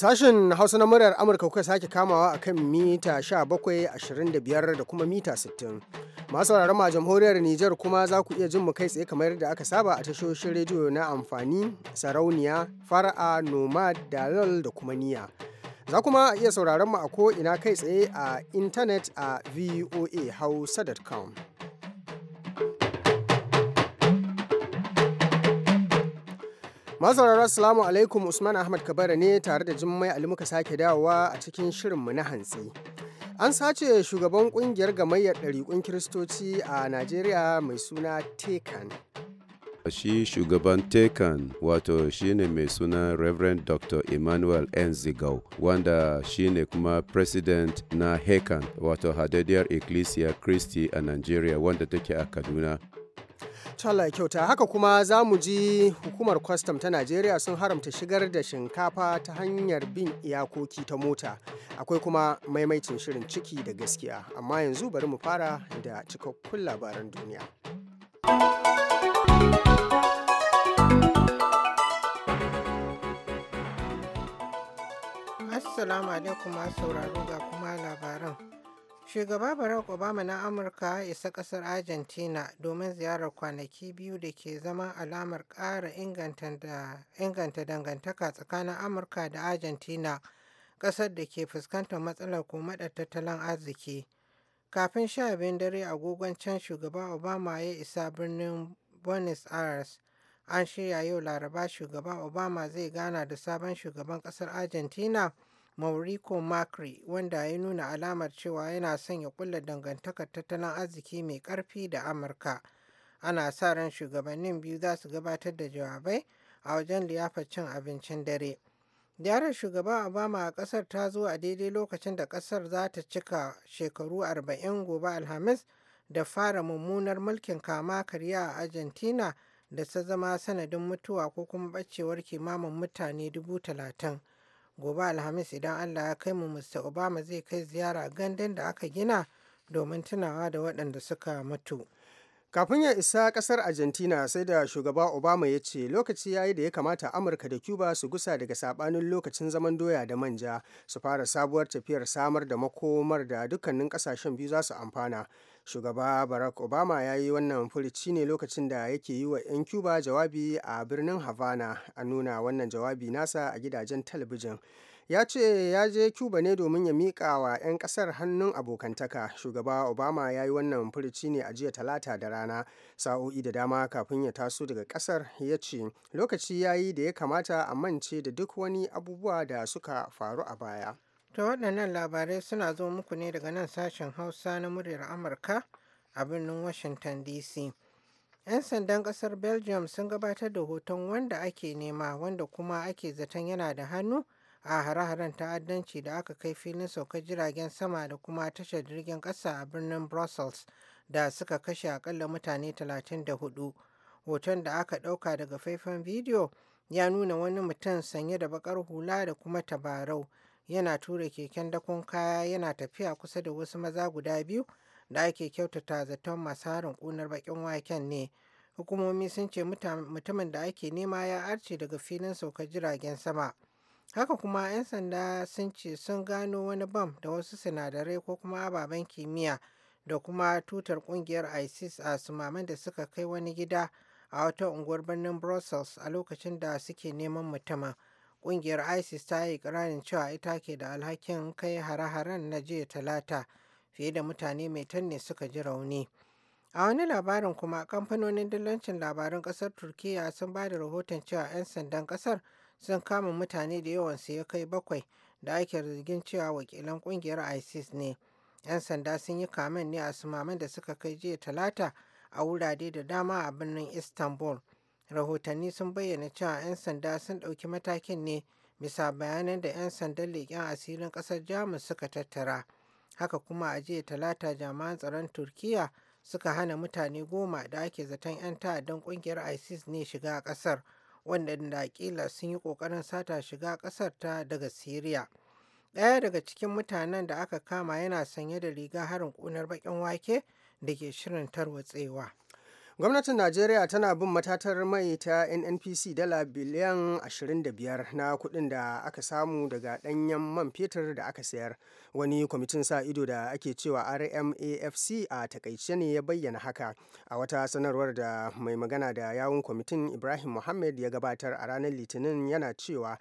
Sashen Hausa na muryar Amurka kuka sake kamawa a kan mita 17.25 da kuma mita 60. Masu sauraron a jamhuriyar Nijar kuma za ku iya jin mu kai tsaye kamar yadda aka saba a tashoshin rediyo na amfani, sarauniya, fara'a, nomad, dalal da kuma niya. Za kuma iya sauraron mu a ko ina kai tsaye a intanet a voahausa.com. Masaurara salamu alaikum Usman Ahmad Kabara ne tare da Jummai Ali muka sake dawowa a cikin shirin mu na hantsi. An sace shugaban kungiyar gamayyar ɗariƙun Kiristoci a Najeriya mai suna Tekan. shi shugaban tekan wato shine mai suna reverend dr emmanuel enzigau wanda shine kuma president na hekan wato hadadiyar ecclesia christi a nigeria wanda take a kaduna Allah kyauta haka kuma za mu ji hukumar kwastam ta Najeriya sun haramta shigar da shinkafa ta hanyar bin iyakoki ta mota. Akwai kuma maimaitin shirin ciki da gaskiya. Amma yanzu bari mu fara da cikakkun labaran duniya. Assalamu alaikum sauraro ga kuma labaran. Shugaba Barack Obama na Amurka ya isa ƙasar Argentina domin ziyarar kwanaki biyu da ke zama alamar ƙara inganta dangantaka tsakanin Amurka da Argentina, ƙasar da ke fuskantar matsalar komaɗar tattalin arziki. Kafin sha biyun dare agogon can shugaba Obama ya isa birnin Buenos Aires. An shirya yau Laraba shugaba Obama zai gana da sabon shugaban ƙasar Argentina. Mauriko Macri wanda ya nuna alamar cewa yana son ya kulla dangantakar tattalin arziki mai ƙarfi da Amurka. Ana sa ran shugabannin biyu za su gabatar da jawabai a wajen liyafar cin abincin dare. Ziyarar shugaba Obama a ƙasar ta zo a daidai lokacin da ƙasar za ta cika shekaru 40 gobe Alhamis da fara mummunar mulkin kama karya a Argentina da ta zama sanadin mutuwa ko kuma ɓacewar kimanin mutane dubu talatin. gobe alhamis idan allah ya kai mu mr obama zai kai ziyara gandun da aka gina domin tunawa da waɗanda suka mutu kafin ya isa kasar argentina sai da shugaba obama ya ce lokaci ya yi da ya kamata amurka da cuba su gusa daga sabanin lokacin zaman doya da manja su fara sabuwar tafiyar samar da makomar da dukkanin kasashen biyu za su amfana Shugaba Barack Obama ya yi wannan furici ne lokacin da yake yi wa 'yan Cuba jawabi a birnin Havana a nuna wannan jawabi nasa a gidajen talabijin. ya ce ya je cuba ne domin ya miƙa wa 'yan ƙasar hannun abokantaka shugaba obama ya yi wannan furuci ne a jiya talata da rana sa'o'i da dama kafin ya taso daga ƙasar ya ce lokaci ya yi da ya kamata a mance da duk wani abubuwa da suka faru a baya Ta waɗannan labarai suna zo muku ne daga nan sashen Hausa na muryar Amurka a birnin Washington DC. 'Yan sandan ƙasar Belgium sun gabatar da hoton wanda ake nema wanda kuma ake zaton yana da hannu a hare-haren ta'addanci da aka kai filin saukar jiragen sama da kuma tashar jirgin ƙasa a birnin Brussels da suka kashe akalla mutane 34. Hoton da aka ɗauka daga faifan bidiyo ya nuna wani mutum sanye da baƙar hula da kuma tabarau. yana tura keken dakon kaya yana tafiya kusa da wasu maza guda biyu da ake kyautata zaton masu harin kunar bakin waken ne hukumomi sun ce mutumin da ake nema ya arce daga filin saukar jiragen sama haka kuma 'yan sanda sun ce sun gano wani bam da wasu sinadarai ko kuma ababen kimiyya da kuma tutar kungiyar isis a sumaman da suka kai wani gida a wata unguwar birnin brussels a lokacin da suke neman mutumin Ƙungiyar ISIS ta yi ikirarin cewa ita ke da alhakin kai hare-haren na jiya talata fiye da mutane mai tanne suka ji rauni. A wani labarin kuma kamfanonin dillancin labarun ƙasar Turkiyya sun ba da rahoton cewa 'yan sandan ƙasar sun kama mutane da yawan su ya kai bakwai da ake zargin cewa wakilan ƙungiyar ISIS ne. 'Yan sanda sun yi kamen ne a sumaman da suka kai jiya talata a wurare da dama a birnin Istanbul. rahotanni sun bayyana cewa 'yan sanda sun ɗauki matakin ne bisa bayanan da 'yan sandan leƙen asirin ƙasar jamus suka tattara haka kuma a jiya talata jami'an tsaron turkiya suka hana mutane goma da ake zaton 'yan ta'addan ƙungiyar isis ne shiga ƙasar waɗanda ƙila sun yi ƙoƙarin sata shiga ƙasar ta daga siriya ɗaya daga cikin mutanen da aka kama yana sanye da riga harin ƙunar baƙin wake da ke shirin tarwatsewa. Gwamnatin Najeriya tana bin matatar mai ta NNPC dala biliyan 25 na kudin da aka samu daga danyen man fetur da aka sayar. Wani kwamitin sa ido da ake cewa RMAFC a takaice ne ya bayyana haka a wata sanarwar da mai magana da yawun kwamitin Ibrahim Mohammed ya gabatar a ranar Litinin yana cewa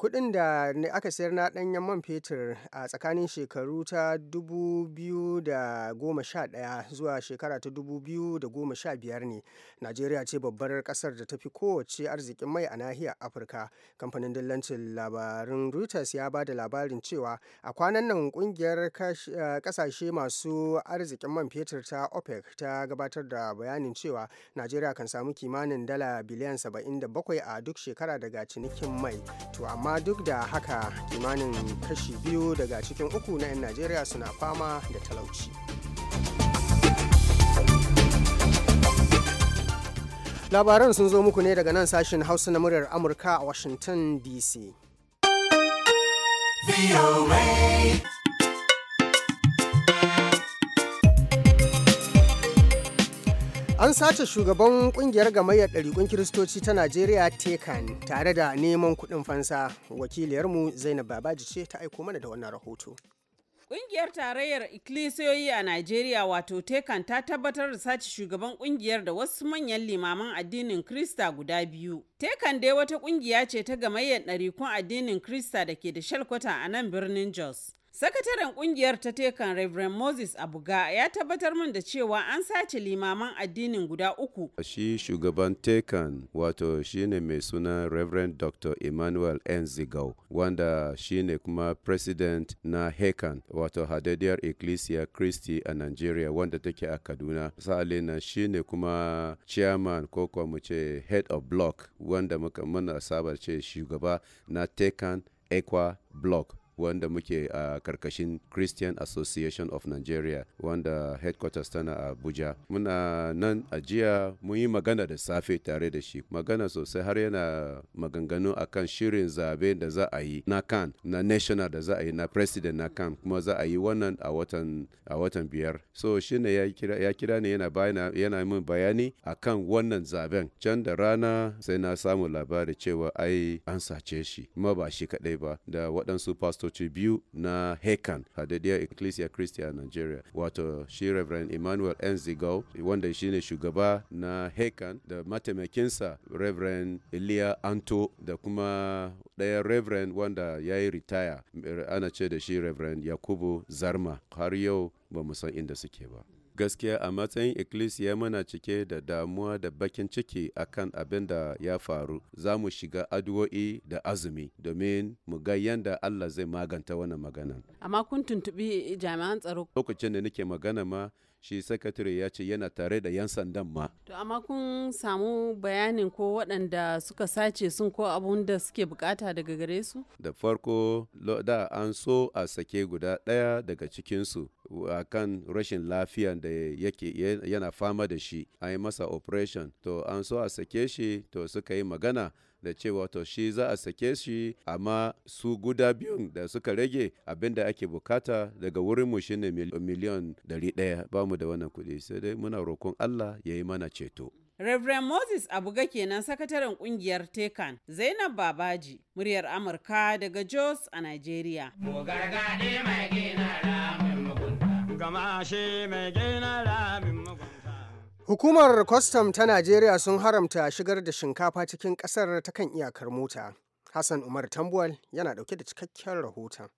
Kudin da aka sayar na ɗanyen man fetur a tsakanin shekaru ta 2011 zuwa shekara ta 2015 ne najeriya ce babbar ƙasar da ta fi kowace arzikin mai a nahiyar afirka kamfanin dillancin labarin reuters ya ba da labarin cewa a kwanan nan ƙungiyar eh, ƙasashe masu arzikin man fetur ta opec ta gabatar da bayanin cewa najeriya kan samu kimanin dala biliyan 77 a duk shekara daga cinikin mai to amma duk da haka kimanin kashi biyu daga cikin uku na 'yan najeriya suna fama da talauci labaran sun zo muku ne daga nan sashen hausa na muryar amurka a washington dc An sace shugaban kungiyar gamayyar ɗariƙun Kiristoci ta Najeriya Tekan tare da neman kuɗin fansa. Wakiliyarmu Zainab Babaji ce ta aiko mana da wannan rahoto. kungiyar tarayyar ikkilisiyoyi a Najeriya wato Tekan ta tabbatar da sace shugaban kungiyar da wasu manyan limaman addinin Krista guda biyu. Tekan dai wata kungiya ce ta gamayyar ɗarikun addinin Krista da ke da shalkwata a nan birnin Jos. Sakataren kungiyar ta tekan Reverend Moses Abuga ya tabbatar min da cewa an sace limaman addinin guda uku. Shi shugaban tekan wato shine mai suna Reverend Dr. Emmanuel Enzigau wanda shine kuma president na Hekan wato Hadadiyar Ecclesia Christi a Nigeria wanda take a Kaduna. Sa'ale na shine kuma chairman ko kuma mu ce head of block wanda muka muna sabar ce shugaba na tekan Ekwa block wanda muke a karkashin Christian Association of Nigeria wanda headquarters tana a Abuja. Muna nan ajiya jiya mun yi magana da safe tare da shi. Magana sosai har yana maganganu akan shirin zabe da za a yi na kan na national da za a yi na president na kan kuma za a yi wannan a watan biyar. So shi ne ya kira ne yana bayana yana min bayani akan wannan zaben. Can da rana sai na samu labari cewa ai an sace shi kuma ba shi kadai ba da waɗansu pastor fastoci biyu na Hekan Hadadiyar Ecclesia Christi a Nigeria wato shi Reverend Emmanuel Enzigau wanda shine shugaba na Hekan da mataimakinsa Reverend elia Anto da kuma ɗaya Reverend wanda ya yi ritaya ana ce da shi Reverend Yakubu Zarma har yau ba san inda suke ba. Gaskiya a matsayin ikkilisiya muna cike da damuwa da bakin ciki akan abin da ya faru. Za mu shiga addu'o'i da azumi domin mu ga yadda Allah zai maganta wannan magana. Amma kun tuntuɓi jami'an tsaro? Lokacin da nake magana ma shi sakatare ya ce yana tare da 'yan sandan ma. To amma kun samu bayanin ko waɗanda suka sace sun ko abun da suke bukata daga gare su? Da farko da an so a sake guda ɗaya daga cikinsu a kan rashin lafiyan da yake yana fama da shi an yi masa operation to an so a sake shi to suka yi magana da cewa to shi za a sake shi amma su guda biyun da suka rage abin da ake bukata daga wurinmu shine miliyan ɗari ɗaya ba mu da wannan kuɗi sai dai muna roƙon Allah ya yi mana ceto. Reverend Moses Abuga kenan sakataren kungiyar Tekan Zainab Babaji muryar Amurka daga Jos a Nigeria. Hukumar kwastam ta Najeriya sun haramta shigar da shinkafa cikin ƙasar ta kan iyakar mota. Hassan Umar Tambuwal yana ɗauke da cikakken rahoton.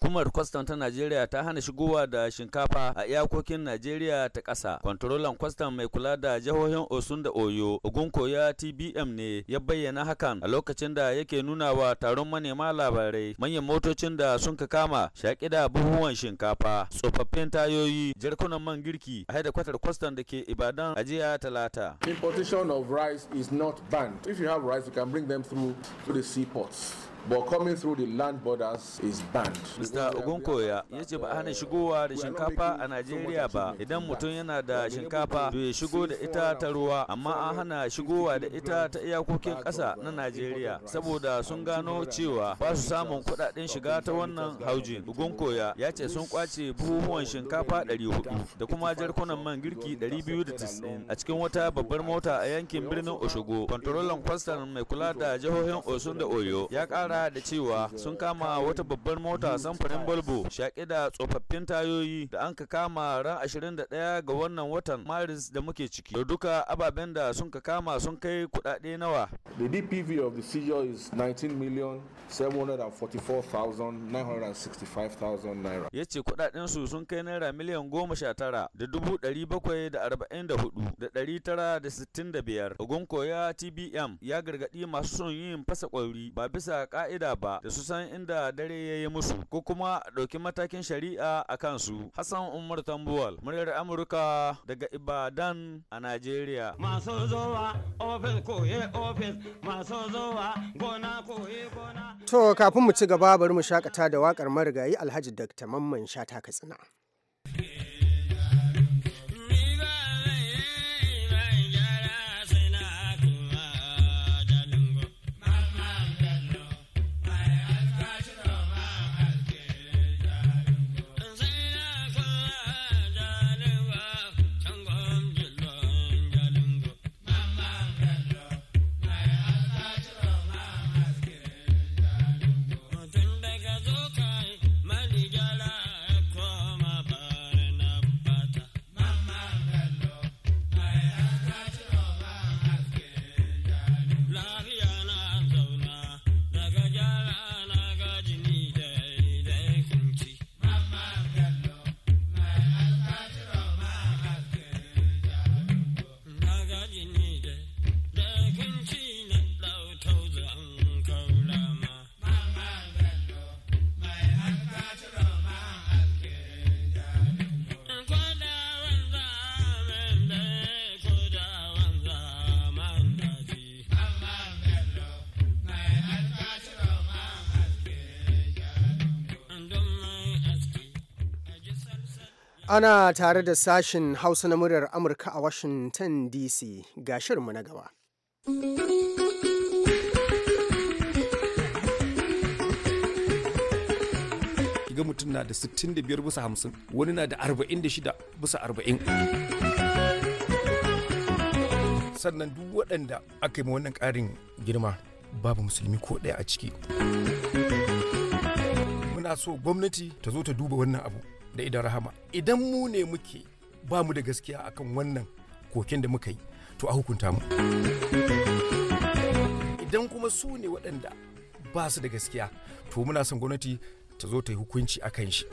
Hukumar kwastam ta Najeriya ta hana shigowa da shinkafa a iyakokin Najeriya ta ƙasa. Kwantarolan kwastam mai kula da jihohin Osun da Oyo, Ogunkoya TBM ne ya bayyana hakan a lokacin da yake nuna wa taron manema labarai manyan motocin da sun ka kama shaƙi da buhuwan shinkafa, tsofaffin tayoyi, jarkunan man girki a haida kwatar kwastam da ke Ibadan a jiya Talata. Importation of rice is not banned. If you have rice, you can bring them through to the seaports. but coming through the land borders is banned. Mr. Ogunkoya ya ce ba hana shigowa da shinkafa a Najeriya ba idan mutum yana da shinkafa to ya shigo da ita ta ruwa amma an hana shigowa da ita ta iyakokin ƙasa na Najeriya saboda sun gano cewa ba su samun kuɗaɗen shiga ta wannan haujin. Ogunkoya ya ce sun kwace buhuhuwan shinkafa 400 da kuma jarkunan man girki 290 a cikin wata babbar mota a yankin birnin Oshogo. Kwantarolan kwastan mai kula da jihohin Osun da Oyo ya ƙara kara da cewa sun kama wata babbar mota samfurin balbo shaƙi da tsofaffin tayoyi da an ka kama ran 21 ga wannan watan Maris da muke ciki. Da duka ababen da sun ka kama sun kai kudade nawa. The DPV of the seizure is 19 million 744,965,000 naira. Ya ce kuɗaɗen su sun kai naira miliyan goma sha tara da dubu ɗari bakwai da arba'in da hudu da ɗari tara da sittin da biyar. Ogun koya TBM ya gargaɗi masu son yin fasa ƙwauri ba bisa ƙa'ida ka'ida ba da su san inda dare ya yi musu ko kuma ɗauki matakin shari'a a kansu hassan umar tambuwal muryar amurka daga ibadan a najeriya masu zowa ofis koye ofis masu zowa gona koye gona to kafin mu ci gaba bari mu shakata da wakar marigayi alhaji dr mamman shata katsina Ana tare da sashen Hausa na muryar Amurka a Washington DC ga shirinmu na gaba. Ga mutum na da 65 bisa 50, wani na da 46 bisa 40. sannan duk waɗanda aka yi ma wannan ƙarin girma babu musulmi ko ɗaya a ciki muna so gwamnati ta zo ta duba wannan abu da idan rahama idan mu ne muke ba mu da gaskiya akan wannan kokin da muka yi to a hukunta mu idan kuma su ne waɗanda ba su da gaskiya to muna son gwamnati ta zo ta yi hukunci a kan shi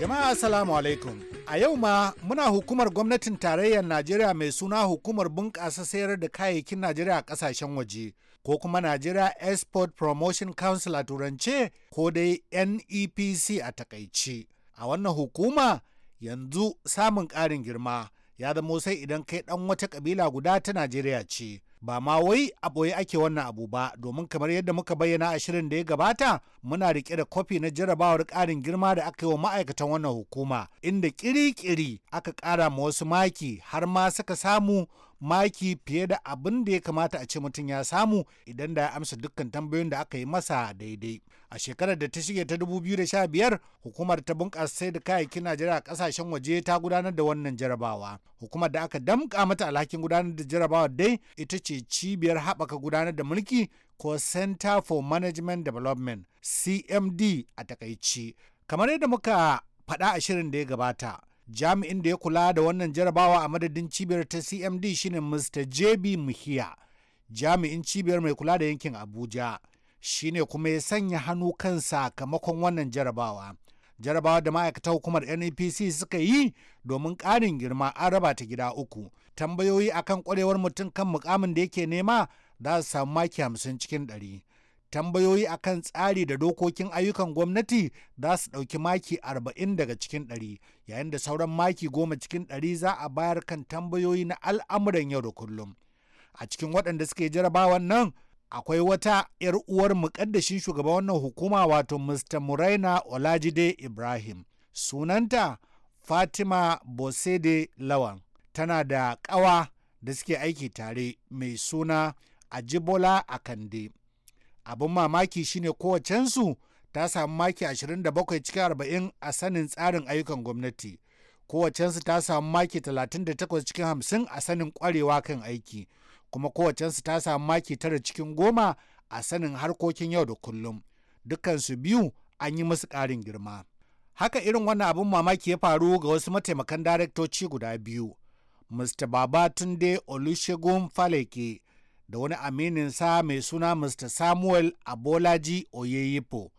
jama'a assalamu alaikum a yau ma muna hukumar gwamnatin tarayyar najeriya mai suna hukumar bunƙasa sayar da kayayyakin najeriya a ƙasashen waje ko kuma najeriya export promotion council a turance ko dai nepc a takaice a wannan hukuma yanzu samun ƙarin girma ya zamo sai idan kai ɗan wata ƙabila guda ta Najeriya ce. Ba ma wai a ɓoye ake wannan abu ba domin kamar yadda muka bayyana a shirin da ya gabata muna riƙe da kwafi na jarabawar ƙarin girma da aka yi wa ma'aikatan wannan hukuma inda ƙiri-ƙiri aka ƙara ma wasu maki har ma suka samu maki fiye da abin da ya kamata a ce mutum ya samu idan da ya amsa dukkan tambayoyin da aka yi masa daidai. A shekarar da ta shige ta 2015 hukumar ta bunƙasa sai da kayayyakin Najeriya a ƙasashen waje ta gudanar da wannan jarabawa. Hukumar da aka damƙa mata alhakin gudanar da jarabawa dai ita ce cibiyar haɓaka gudanar da mulki ko Center for Management Development CMD a takaici. Kamar yadda muka faɗa a shirin da ya gabata jami'in da ya kula da wannan jarabawa a madadin cibiyar ta cmd shine mr jb muhiya jami'in cibiyar mai kula da yankin abuja shine kuma ya sanya hannu kan sakamakon wannan jarabawa jarabawa da ma'aikata hukumar npc e suka yi domin ƙarin girma an raba ta gida uku. Tambayoyi akan ƙwarewar mutum kan mukamin da yake nema za su samu maki hamsin cikin ɗari. tambayoyi akan tsari da dokokin ayyukan gwamnati za su ɗauki maki 40 daga cikin 100 yayin da sauran maki 10 cikin 100 za a bayar kan tambayoyi na al'amuran yau da kullum a cikin waɗanda suke jarabawan nan akwai wata 'yar uwar muƙaddashin shugaban wannan hukuma wato mr muraina olajide ibrahim sunanta fatima bosede lawan tana da ƙawa da suke aiki tare mai suna ajibola akande abin mamaki shine kowacensu ta samu maki 27 cikin 40 a sanin tsarin ayyukan gwamnati kowacensu ta samu maki 38 cikin 50 a sanin kwarewa kan aiki kuma kowacensu ta samu maki 9 cikin 10 a sanin harkokin yau da kullum dukansu biyu an yi musu ƙarin girma haka irin wannan abin mamaki ya faru ga wasu mataimakan daraktoci guda biyu mr babatunde olusegun faleke da wani aminin sa mai suna Mr. Samuel Abolaji Oyeyipo.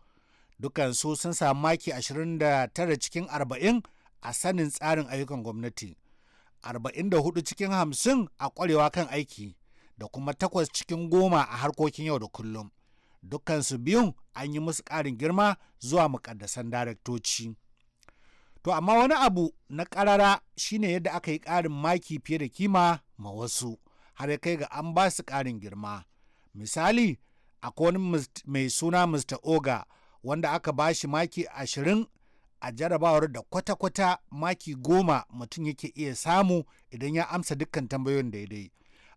Dukansu sun samu maki 29 cikin 40 a sanin tsarin ayyukan gwamnati, 44 cikin 50 a ƙwarewa kan aiki, da kuma 8 cikin 10 a harkokin yau da kullum. Dukansu biyun an yi musu ƙarin girma zuwa muƙaddasan daraktoci. To, amma wani abu na ƙarara shine yadda aka yi ƙarin maki fiye da kima ma wasu. har ya kai ga an ba su ƙarin girma misali akwai wani mai suna mr oga wanda aka ba shi maki ashirin a jarabawar da kwata-kwata maki goma mutum yake iya samu idan ya amsa dukkan tambayoyin daidai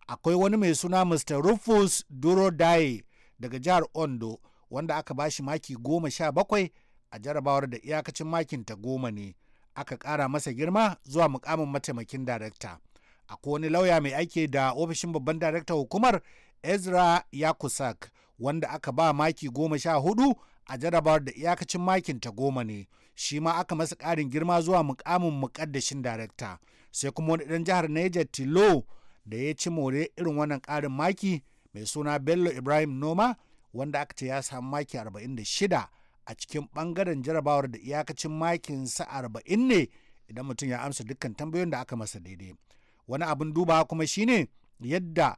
akwai wani mai suna mr rufus duro daye daga jihar ondo wanda aka ba shi maki goma sha bakwai a jarabawar da iyakacin makinta goma ne aka ƙara masa girma zuwa mukamin mataimakin darakta akwai wani lauya mai aiki da ofishin babban daraktan hukumar ezra yakusak wanda aka ba maki goma sha hudu a jarabawar da iyakacin makin ta goma ne shi ma aka masa karin girma zuwa mukamin mukaddashin darakta sai kuma wani dan jihar Niger Tilo da ya ci more irin wannan karin maki mai suna Bello Ibrahim Noma wanda aka ce ya samu maki 46 a cikin bangaren jarabawar da iyakacin makin sa 40 ne idan mutum ya amsa dukkan tambayoyin da aka masa daidai wani abin duba kuma shine yadda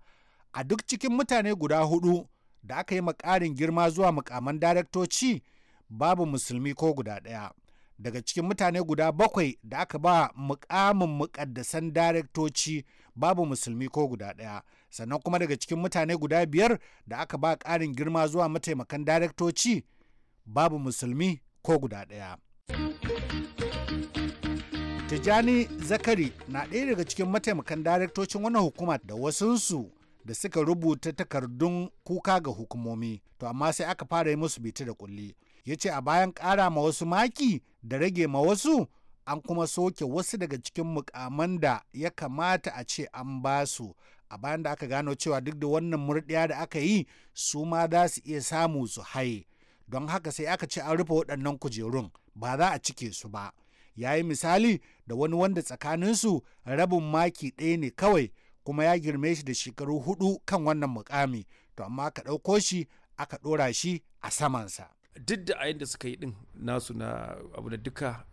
a duk cikin mutane guda hudu da aka yi makarin girma zuwa mukaman daraktoci babu musulmi ko guda ɗaya daga cikin mutane guda bakwai da aka ba mukamin mukaddasan daraktoci babu musulmi ko guda ɗaya sannan kuma daga cikin mutane guda biyar da aka ba ƙarin girma zuwa mataimakan daraktoci babu musulmi ko guda ɗaya Tijani Zakari na ɗaya daga cikin mataimakan daraktocin wani hukuma da wasunsu da suka rubuta takardun kuka ga hukumomi, to amma sai aka fara yi musu biti da kulli. Ya ce a bayan ƙara ma wasu maki da rage ma wasu an kuma soke wasu daga cikin mukaman da ya kamata a ce an basu. a bayan da aka gano cewa duk da wannan murɗiya da aka yi su ma za su iya samu su haye don haka sai aka ce an rufe waɗannan kujerun ba za a cike su ba ya yi misali da wani wanda tsakaninsu rabin maki ɗaya ne kawai kuma ya girme shi da shekaru hudu kan wannan mukami to amma aka ɗauko shi aka ɗora shi a samansa duk da ayin da suka yi din nasu na abu da duka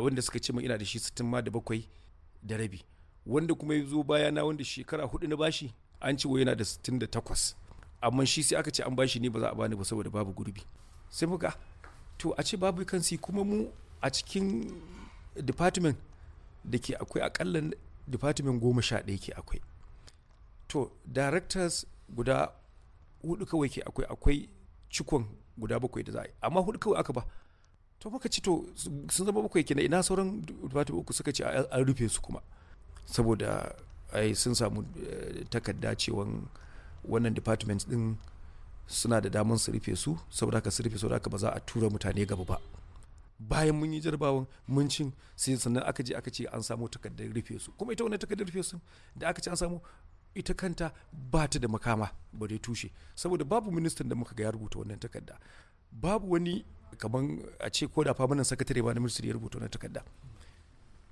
wanda suka ce ina da shi sittin ma da bakwai da rabi wanda kuma ya zo baya na wanda shekara hudu na bashi an ce yana da sittin da takwas amma shi sai aka ce an bashi ne ba za a bani ba saboda babu gurbi sai muka ah, to a ce babu kansi kuma mu a cikin department da ke akwai akalla department goma sha ɗaya ke akwai to directors guda hudu kawai ke akwai akwai cikon guda bakwai da za a yi amma hudu kawai aka ba to muka ci to sun zama bakwai kenan ina sauran department uku suka ce an rufe su kuma saboda ai sun samu eh, takarda cewan wannan department din suna da damar su rufe su saboda haka su rufe saboda haka ba za a tura mutane gaba ba bayan mun yi jarabawan mun cin sai sannan aka je aka ce an samu takardar rufe su kuma ita wannan takardar rufe su da aka ce an samu ita kanta ba ta da makama ba dai tushe saboda babu ministan da muka ga ya rubuta wannan takarda babu wani kamar a ce ko da famanan sakatare ba na ministry ya rubuta wannan takarda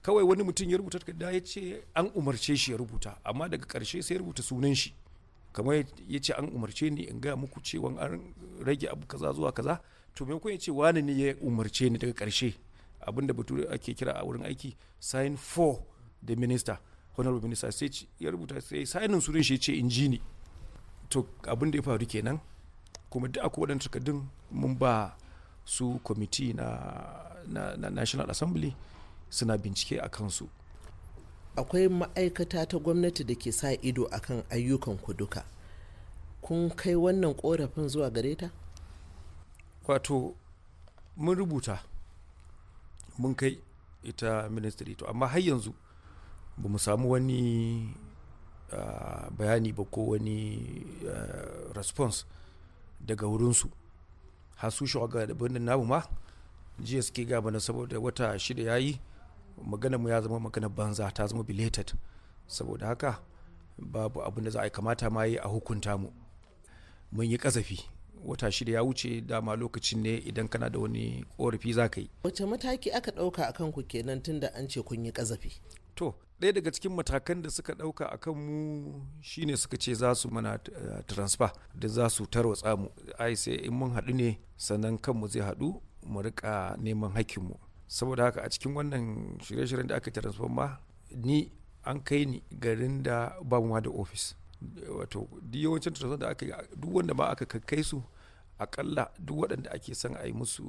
kawai wani mutum ya rubuta takarda ya ce an umarce shi ya rubuta amma daga karshe sai ya rubuta sunan shi kamar ya ce an umarce ni in gaya muku cewa an rage abu kaza zuwa kaza to me ya ce wani ne ya umarce ni daga karshe abin da bature ake kira a wurin aiki sign for the minister honorable minister sai ya rubuta sai signin surin shi ce inji ni to abin da ya faru kenan kuma duk akwai waɗanda takardun mun ba su kwamiti na, na, na national assembly suna bincike a kansu akwai ma'aikata ta gwamnati da ke sa ido akan ayyukan ku duka kun kai wannan korafin zuwa gare wato mun rubuta mun kai ita ministry to amma har yanzu ba mu samu wani uh, bayani ba ko wani uh, response daga wurinsu har su shugaban da birnin namu ma jiya suke gaba na saboda wata shida ya yi magana mu ya zama magana banza ta zama belated saboda haka babu abin da za a kamata ma yi a hukunta mu mun yi kazafi wata shida ya wuce dama lokacin ne idan kana da wani korafi za ka yi wace mataki aka ɗauka a kanku kenan da an ce kun yi ƙazafi to ɗaya daga cikin matakan da suka ɗauka a kan mu shine suka ce za su mana eh, transfer da za su tarwatsa mu ai sai in mun haɗu ne sannan kanmu zai haɗu mu rika neman hakkinmu saboda haka a cikin wannan shirye-shiryen da aka transfer ma ni an kai ni garin da ba mu da ofis wato duk yawancin da aka yi duk wanda ma aka kakkai su akalla duk waɗanda ake son a yi musu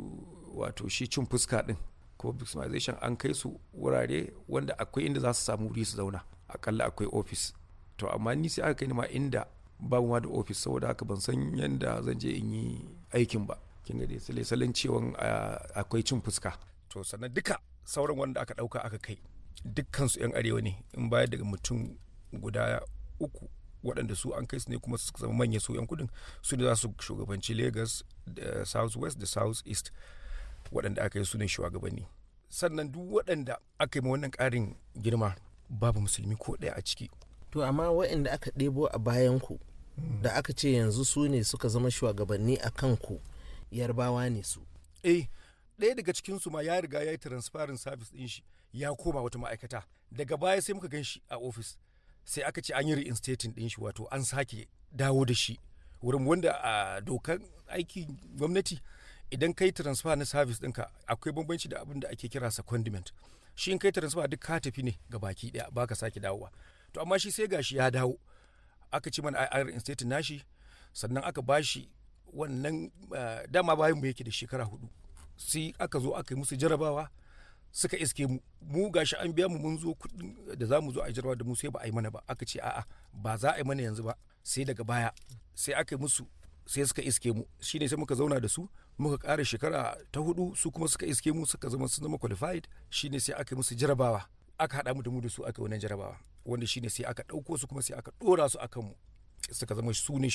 wato shi cin fuska ɗin ko victimization an kai su wurare wanda akwai inda za su samu wuri su zauna akalla akwai ofis to amma ni sai aka kai ni ma inda babu ma da ofis saboda haka ban san yadda zan je in yi aikin ba kin ga dai salin cewa akwai cin fuska to sannan duka sauran wanda aka ɗauka aka kai dukkansu 'yan arewa ne in baya daga mutum guda uku waɗanda su an kai su ne kuma su zama manyan su 'yan kudin su ne za su shugabanci lagos da south west da south east waɗanda aka yi su ne shugabanni sannan duk waɗanda aka yi ma wannan ƙarin girma babu musulmi ko ɗaya a ciki to amma waɗanda aka ɗebo a bayan ku hmm. da aka ce yanzu su ne suka zama shugabanni a kan ku yarbawa ne su eh ɗaya daga cikin su ma ya riga ya yi transparent service ɗin shi ya koma wata ma'aikata daga baya sai muka gan shi a ofis sai aka ce an yi reinstating din shi wato an sake dawo da shi wurin wanda a dokar aiki gwamnati idan kai transfer na service dinka akwai bambanci da abin da ake kira secondment shi in kai transfer duk ka tafi ne ga baki daya ba ka sake dawowa to amma shi sai gashi ya dawo aka ci mana a yi reinstating nashi sannan aka bashi wannan dama bayan mu yake da shekara hudu sai aka zo aka yi musu jarabawa suka iske mu mu gashi an biya mu mun zo kudin da za mu zo a jarwa da mu sai ba a yi mana ba aka ce a'a ba za a yi mana yanzu ba sai daga baya sai aka yi musu sai suka iske mu shine sai muka zauna da su muka ƙara shekara ta hudu su kuma suka iske mu suka zama sun zama qualified shine sai aka yi musu jarabawa aka haɗa mu da mu da su aka wannan jarabawa wanda shine sai aka ɗauko su kuma sai aka ɗora su akan mu suka zama su ne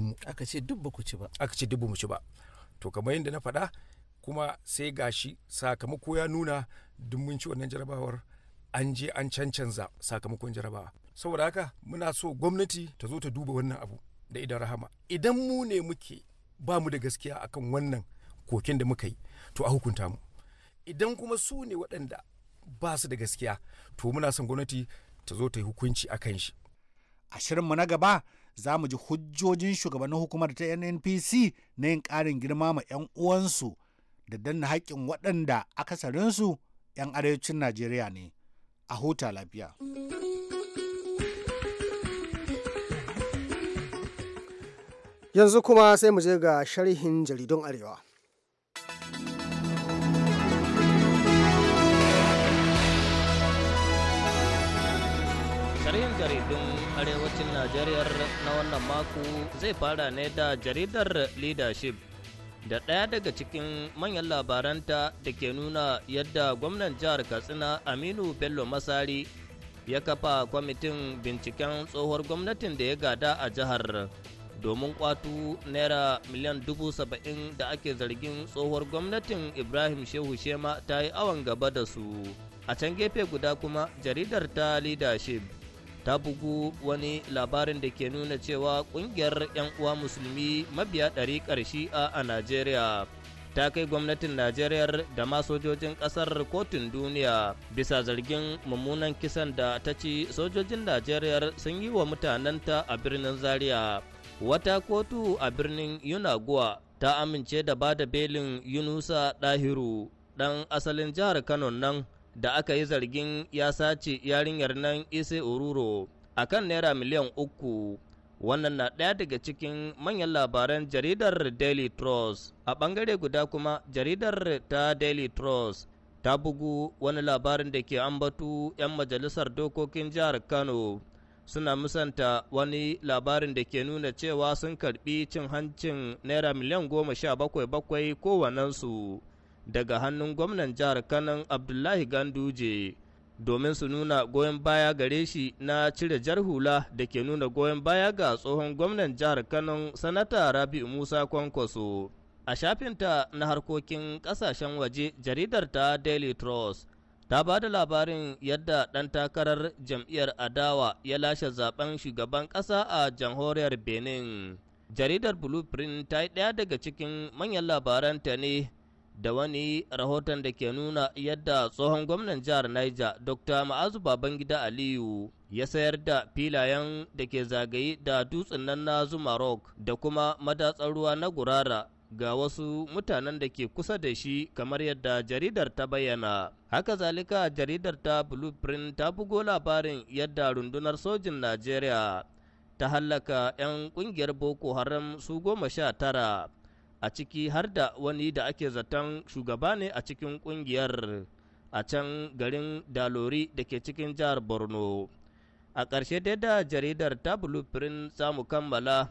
mu aka ce duk ba ku ci ba aka ce duk ba mu ci ba to kamar yadda na faɗa kuma sai gashi sakamako ya nuna duk wannan jarabawar an je an cancanza sakamakon jarabawa saboda haka muna so gwamnati ta zo ta duba wannan abu da idan rahama idan mu ne muke ba mu da gaskiya akan wannan kokin da muka yi to a hukunta mu idan kuma su ne waɗanda ba su da gaskiya to muna son gwamnati ta zo ta yi hukunci a kan shi a shirin mu na gaba za mu ji hujjojin shugabannin hukumar ta nnpc na yin ƙarin girma ma 'yan uwansu da danna haƙƙin waɗanda akasarinsu 'yan arewacin Najeriya ne a huta lafiya. Yanzu kuma sai mu je ga sharhin jaridun Arewa. Sharhin jaridun Arewacin Najeriya na wannan mako zai fara ne da jaridar leadership da ɗaya daga cikin manyan labaranta da ke nuna yadda gwamnan jihar katsina aminu bello masari ya kafa kwamitin binciken tsohuwar gwamnatin da ya gada a jihar domin kwatu naira miliyan dubu saba'in da ake zargin tsohuwar gwamnatin ibrahim shehu shema ta yi awon gaba da su a can gefe guda kuma jaridar ta leadership ta bugu wani labarin da ke nuna cewa kungiyar 'yan uwa musulmi mabiya ɗari shi'a a najeriya ta kai gwamnatin najeriya da ma sojojin ƙasar kotun duniya bisa zargin mummunan kisan da ta ci sojojin najeriya sun yi wa mutanenta a birnin zaria wata kotu a birnin yunaguwa ta amince da ba da belin yunusa ɗahiru ɗan asalin jihar kano nan da aka yi zargin ya sace yarinyar nan ise Ururu, a kan naira miliyan uku wannan na ɗaya daga cikin manyan labaran jaridar daily trust a ɓangare guda kuma jaridar ta daily trust ta bugu wani labarin da ke ambatu 'yan majalisar dokokin jihar kano suna musanta wani labarin da ke nuna cewa sun karbi cin hancin naira miliyan goma sha bakwai bakwai kowannensu. daga hannun gwamnan jihar kanan abdullahi ganduje domin su nuna goyon baya gare shi na cire jar hula da ke nuna goyon baya ga tsohon gwamnan jihar kanan sanata Rabi musa kwankwaso a shafinta na harkokin kasashen waje jaridar ta daily trust ta ba da labarin yadda ɗan takarar jam'iyyar adawa ya lashe zaben shugaban ƙasa a jamhuriyar benin jaridar blueprint ta yi ɗaya daga cikin manyan labaranta ne da wani rahoton da ke nuna yadda tsohon gwamnan jihar Niger Dr. Ma'azu Babangida Aliyu ya sayar da filayen da ke zagaye da dutsen nan na Zuma Rock da kuma madatsar ruwa na Gurara ga wasu mutanen da ke kusa da shi kamar yadda jaridar ta bayyana. Haka zalika jaridar ta Blueprint ta bugo labarin yadda rundunar sojin Najeriya ta hallaka 'yan ƙungiyar Boko Haram su goma sha tara. a ciki har da wani da ake zaton shugaba ne a cikin ƙungiyar a can garin dalori da ke cikin jihar borno a ƙarshe dai da jaridar ta blueprint samu kammala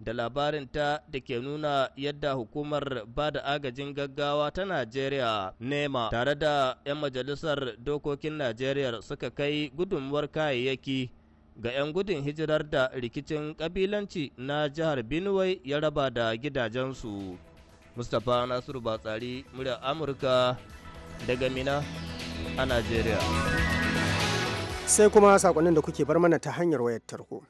da labarinta da ke nuna yadda hukumar ba da agajin gaggawa ta Najeriya nema tare da 'yan majalisar dokokin Najeriya suka kai gudunmuwar kayayyaki ga 'yan gudun hijirar da rikicin kabilanci na jihar Benue ya raba da gidajensu. Mustapha Nasiru Batsari, murya Amurka daga Mina a Najeriya. Sai kuma sakonnin da kuke bar mana ta hanyar wayar tarho.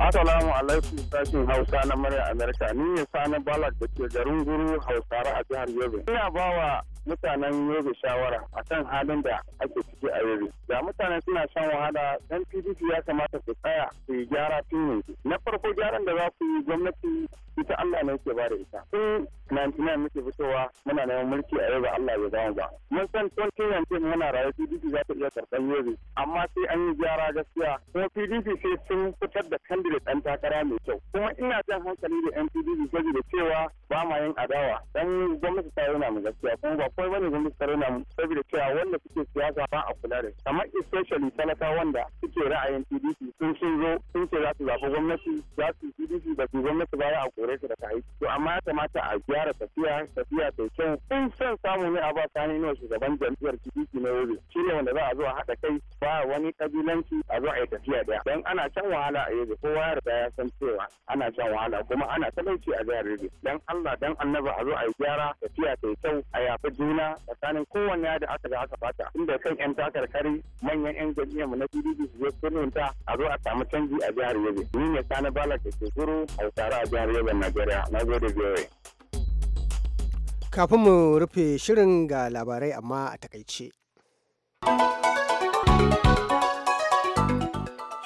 Assalamu alaikum sashen Hausa na murya Amerika. Ni ne Sani Balak da ke garin Guru Hausare a jihar Yobe. Ina bawa mutanen yobe shawara a kan halin da ake ciki a yobe da mutane suna shan wahala dan pdp ya kamata su tsaya su yi gyara tun yanzu na farko gyaran da za ku yi gwamnati ita allah ne yake bada ita tun nanti nan muke fitowa muna neman mulki a yobe allah ya damu ba mun san tun in muna rayu pdp za ta iya karɓar yobe amma sai an yi gyara gaskiya kuma pdp sai sun fitar da candidate ɗan takara mai kyau kuma ina jan hankali da yan pdp gwaji da cewa ba ma yin adawa dan gwamnati ta yana mu gaskiya kuma ba akwai wani ministar ta saboda cewa wanda suke siyasa ba a kula da kamar especially talaka wanda suke ra'ayin PDP sun sun zo sun ce za su zaɓi gwamnati za su PDP ba su gwamnati ba ya a kore su da kai to amma ya kamata a gyara tafiya tafiya ta kyau in son samu ne a ba sani ne shugaban jam'iyyar PDP na yobe shi ne wanda za a zo a haɗa kai ba wani kabilanci a zo a yi tafiya daya don ana can wahala a yobe kowa ya riga ya san cewa ana can wahala kuma ana talauci a jihar yobe don Allah dan annaba a zo a yi gyara tafiya ta kyau a yafi juna tsakanin kowanne da aka ga aka bata inda kan yan takarkari manyan yan jam'iyyar mu na PDP su je sulhunta a zo a samu canji a jihar Yobe ni ne Sani Bala ke Kekuru a tsara a jihar Yobe Najeriya na gode biyoyi. Kafin mu rufe shirin ga labarai amma a takaice.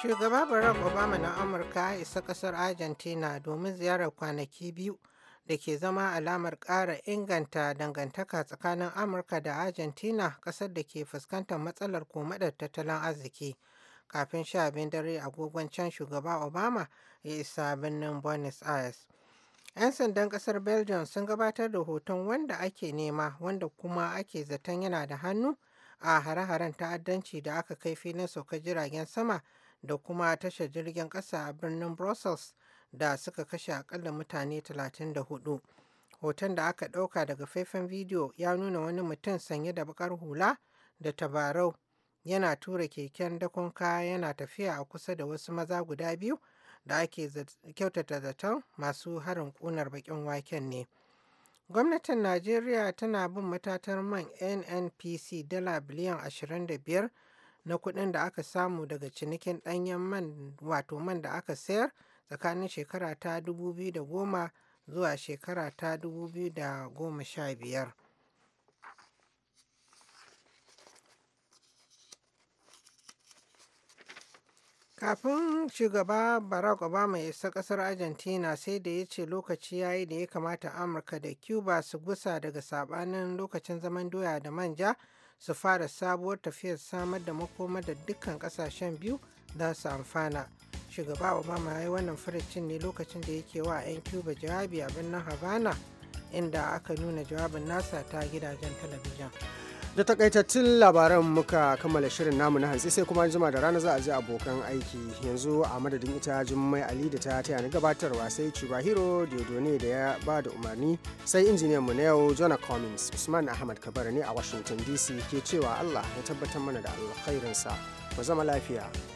Shugaba Barack Obama na Amurka isa kasar Argentina domin ziyarar kwanaki biyu da ke zama alamar ƙara inganta dangantaka tsakanin Amurka da Argentina ƙasar da ke fuskantar matsalar komadar tattalin arziki. Kafin sha abin dare agogon can shugaba Obama ya isa birnin Buenos Aires. 'Yan sandan ƙasar Belgium sun gabatar da hoton wanda ake nema wanda kuma ake zaton yana da hannu a hare-haren ta'addanci da aka kai filin saukar jiragen sama da kuma tashar jirgin ƙasa a birnin Brussels da suka kashe akalla mutane 34. Hoton da aka ɗauka daga faifan bidiyo ya nuna wani mutum sanye da bakar hula da tabarau yana tura keken dakon kaya yana tafiya a kusa da wasu maza guda biyu da ake kyautata zaton masu harin ƙunar bakin waken ne. Gwamnatin Najeriya tana bin matatar man NNPC dala biliyan 25 na kudin da aka samu daga cinikin ɗanyen man wato man da aka sayar tsakanin shekara ta 2010 zuwa shekara ta 2015. Kafin shugaba Barack Obama ya isa ƙasar Argentina sai da ya ce lokaci ya yi da ya kamata Amurka da Cuba su gusa daga sabanin lokacin zaman doya da manja su fara sabuwar tafiyar samar da makomar da dukkan ƙasashen biyu za su amfana. shugaba obama ya yi wannan farcin ne lokacin da yake wa 'yan cuba jawabi a birnin havana inda aka nuna jawabin nasa ta gidajen talabijin da takaitattun labaran muka kammala shirin namu na hantsi sai kuma jima da rana za a ji abokan aiki yanzu a madadin ita jummai ali da ta taya na gabatarwa sai dodo diodone da ya ba da umarni sai injiniyan mu na yau jonah commons usman ahmad kabar ne a washington dc ke cewa allah ya tabbatar mana da alkhairinsa mu zama lafiya